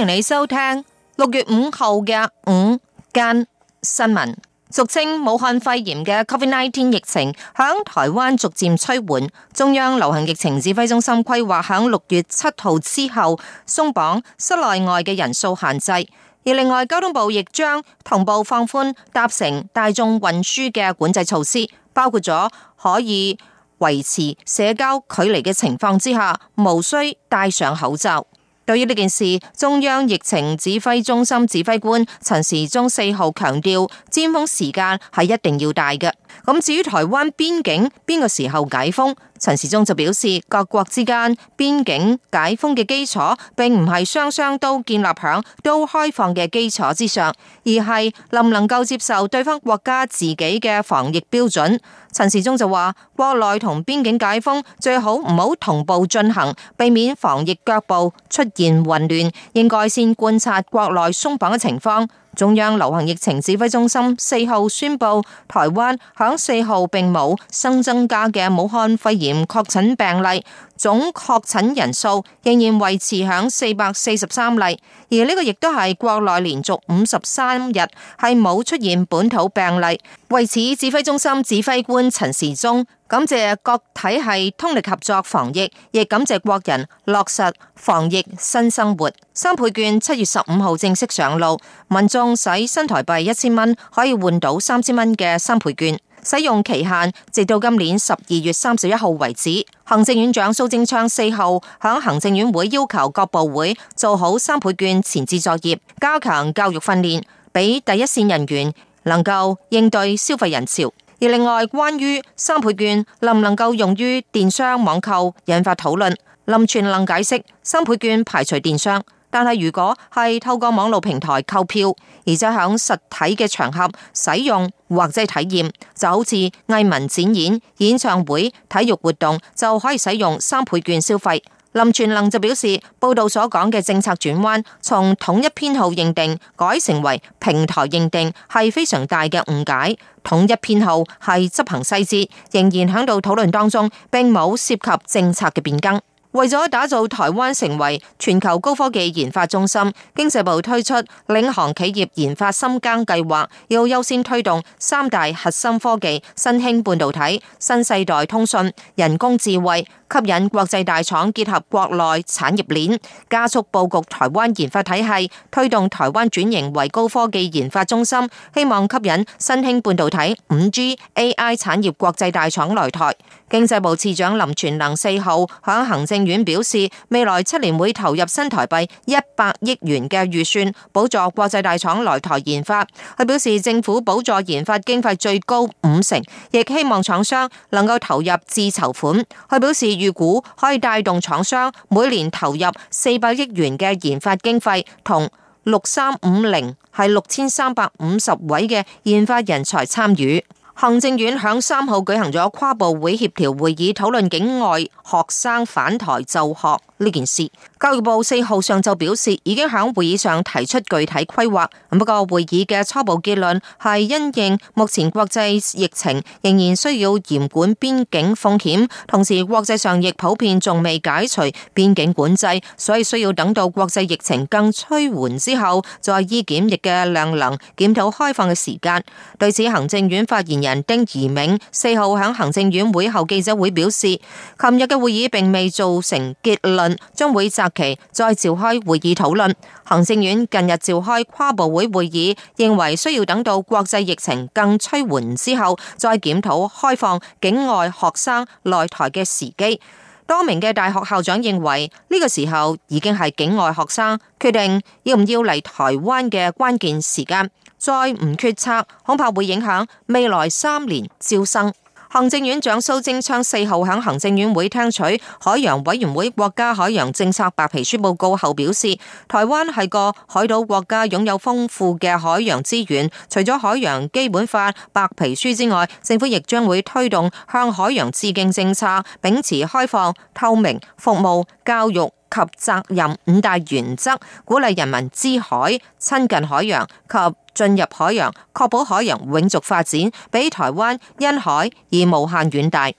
歡迎你收聽六月五號嘅午間新聞。俗稱武漢肺炎嘅 COVID-19 疫情響台灣逐漸趨緩，中央流行疫情指揮中心規劃響六月七號之後鬆綁室內外嘅人數限制，而另外交通部亦將同步放寬搭乘大眾運輸嘅管制措施，包括咗可以維持社交距離嘅情況之下，無需戴上口罩。對於呢件事，中央疫情指揮中心指揮官陳時中四號強調，尖峰時間係一定要戴嘅。咁至於台灣邊境邊個時候解封，陳時中就表示，各國之間邊境解封嘅基礎並唔係雙雙都建立喺都開放嘅基礎之上，而係能唔能夠接受對方國家自己嘅防疫標準。陳時中就話：國內同邊境解封最好唔好同步進行，避免防疫腳步出現混亂，應該先觀察國內鬆綁嘅情況。中央流行疫情指揮中心四號宣布，台灣響四號並冇新增加嘅武漢肺炎確診病例。總確診人數仍然維持響四百四十三例，而呢個亦都係國內連續五十三日係冇出現本土病例。為此，指揮中心指揮官陳時中感謝各體系通力合作防疫，亦感謝國人落實防疫新生活。三倍券七月十五號正式上路，民眾使新台幣一千蚊可以換到三千蚊嘅三倍券。使用期限直到今年十二月三十一號為止。行政院長蘇貞昌四號響行政院會要求各部會做好三倍券前置作業，加強教育訓練，俾第一線人員能夠應對消費人潮。而另外關於三倍券能唔能夠用於電商網購，引發討論。林全能解釋三倍券排除電商。但係如果係透過網絡平台購票，而且喺實體嘅場合使用或者係體驗，就好似藝文展演、演唱會、體育活動就可以使用三倍券消費。林全能就表示，報道所講嘅政策轉彎，從統一編號認定改成為平台認定，係非常大嘅誤解。統一編號係執行細節，仍然響度討論當中，並冇涉及政策嘅變更。為咗打造台灣成為全球高科技研發中心，經濟部推出領航企業研發深耕計劃，要優先推動三大核心科技：新興半導體、新世代通訊、人工智慧，吸引國際大廠結合國內產業鏈，加速布局台灣研發體系，推動台灣轉型為高科技研發中心，希望吸引新興半導體、5G、AI 產業國際大廠來台。經濟部次長林全能四號響行政院表示，未來七年會投入新台幣一百億元嘅預算，補助國際大廠來台研發。佢表示，政府補助研發經費最高五成，亦希望廠商能夠投入自籌款。佢表示，預估可以帶動廠商每年投入四百億元嘅研發經費，同六三五零係六千三百五十位嘅研發人才參與。行政院喺三號舉行咗跨部會協調會議，討論境外學生返台就學呢件事。教育部四號上晝表示，已經喺會議上提出具體規劃。不過會議嘅初步結論係因應目前國際疫情仍然需要嚴管邊境風險，同時國際上亦普遍仲未解除邊境管制，所以需要等到國際疫情更趨緩之後，再依檢疫嘅量能檢討開放嘅時間。對此，行政院發言人丁怡銘四號喺行政院會後記者會表示，琴日嘅會議並未造成結論，將會擇。期再召開會議討論。行政院近日召開跨部會會議，認為需要等到國際疫情更趨緩之後，再檢討開放境外學生來台嘅時機。多名嘅大學校長認為，呢個時候已經係境外學生決定要唔要嚟台灣嘅關鍵時間，再唔決策，恐怕會影響未來三年招生。行政院長蘇貞昌四號喺行政院會聽取海洋委員會國家海洋政策白皮書報告後表示，台灣係個海島國家，擁有豐富嘅海洋資源。除咗海洋基本法白皮書之外，政府亦將會推動向海洋致敬政策，秉持開放、透明、服務、教育及責任五大原則，鼓勵人民知海、親近海洋及。進入海洋，確保海洋永續發展，比台灣因海而無限遠大。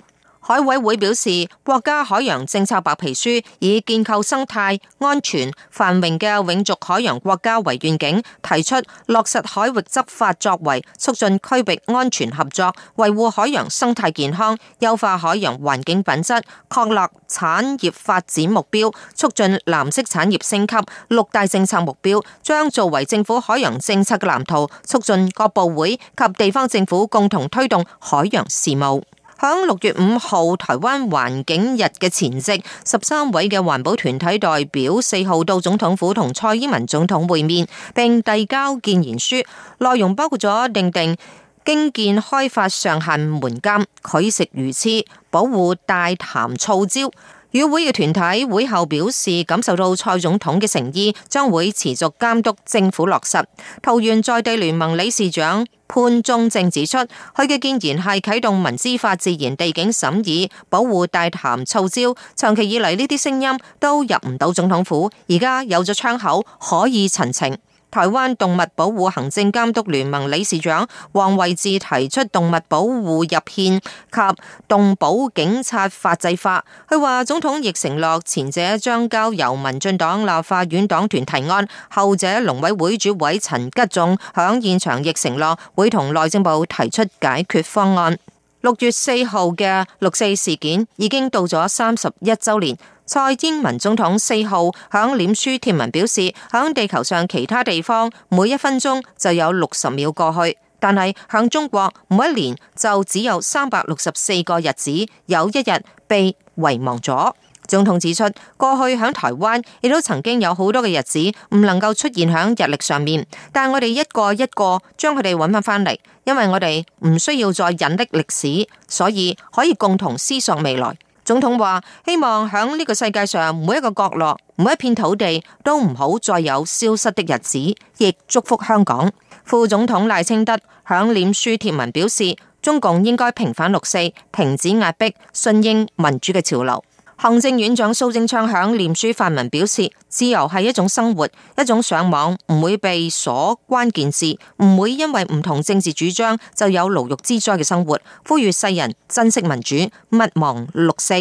海委會表示，國家海洋政策白皮書以建構生態安全、繁榮嘅永續海洋國家為願景，提出落實海域執法作為，促進區域安全合作，維護海洋生態健康，優化海洋環境品質，確立產業發展目標，促進藍色產業升級六大政策目標，將作為政府海洋政策嘅藍圖，促進各部會及地方政府共同推動海洋事務。喺六月五號台灣環境日嘅前夕，十三位嘅環保團體代表四號到總統府同蔡英文總統會面，並遞交建言書，內容包括咗訂定，定經建開發上限門監、拒食魚翅、保護大潭藻礁。與會嘅團體會後表示，感受到蔡總統嘅誠意，將會持續監督政府落實。桃園在地聯盟理事長潘忠政指出，佢嘅建言係啟動《民資法》自然地景審議，保護大潭藻礁，長期以嚟呢啲聲音都入唔到總統府，而家有咗窗口，可以陳情。台灣動物保護行政監督聯盟理事長王惠智提出動物保護入憲及動保警察法制法。佢話總統亦承諾前者將交由民進黨立法院黨團提案，後者農委會主委陳吉仲響現場亦承諾會同內政部提出解決方案。六月四號嘅六四事件已經到咗三十一周年。蔡英文總統四號響臉書貼文表示，響地球上其他地方每一分鐘就有六十秒過去，但係響中國每一年就只有三百六十四個日子，有一日被遺忘咗。總統指出，過去喺台灣亦都曾經有好多嘅日子唔能夠出現喺日曆上面，但係我哋一個一個將佢哋搵翻翻嚟，因為我哋唔需要再隱匿歷史，所以可以共同思索未來。總統話：希望喺呢個世界上每一個角落、每一片土地都唔好再有消失的日子。亦祝福香港。副總統賴清德響臉書貼文表示，中共應該平反六四，停止壓迫，順應民主嘅潮流。行政院長蘇貞昌響臉書發文表示，自由係一種生活，一種上網唔會被鎖關鍵字，唔會因為唔同政治主張就有牢獄之災嘅生活。呼籲世人珍惜民主，勿忘六四。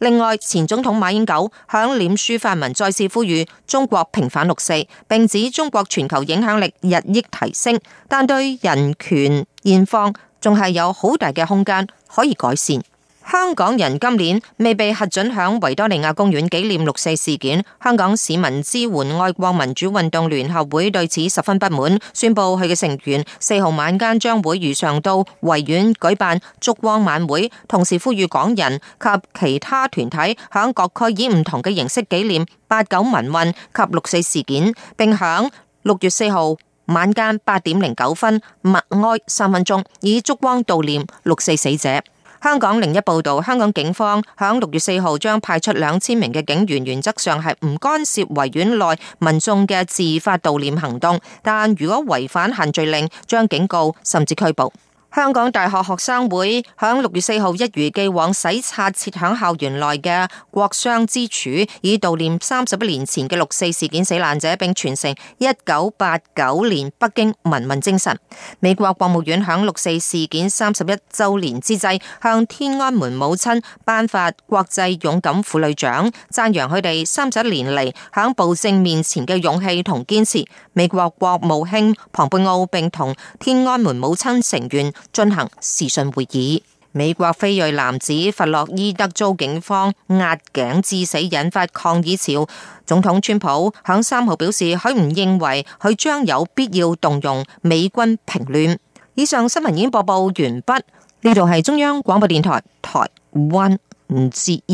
另外，前總統馬英九響臉書發文再次呼籲中國平反六四，並指中國全球影響力日益提升，但對人權現況仲係有好大嘅空間可以改善。香港人今年未被核准響維多利亞公園紀念六四事件，香港市民支援愛國民主運動聯合會對此十分不滿，宣佈佢嘅成員四號晚間將會如常到維園舉辦燭光晚會，同時呼籲港人及其他團體響各區以唔同嘅形式紀念八九民運及六四事件，並響六月四號晚間八點零九分默哀三分鐘，以燭光悼念六四死者。香港另一報道，香港警方響六月四號將派出兩千名嘅警員，原則上係唔干涉維園內民眾嘅自發悼念行動，但如果違反限聚令，將警告甚至拘捕。香港大學學生會響六月四號一如既往洗刷設響校園內嘅國殤之柱，以悼念三十一年前嘅六四事件死難者，並傳承一九八九年北京民運精神。美國國務院響六四事件三十一週年之際，向天安門母親頒發國際勇敢婦女獎，讚揚佢哋三十一年嚟響暴政面前嘅勇氣同堅持。美國國務卿龐貝奧並同天安門母親成員，進行視訊會議。美國非裔男子弗洛伊德遭警方壓頸致死，引發抗議潮。總統川普響三號表示，佢唔認為佢將有必要動用美軍平亂。以上新聞已經播報完畢。呢度係中央廣播電台，台灣吳志毅。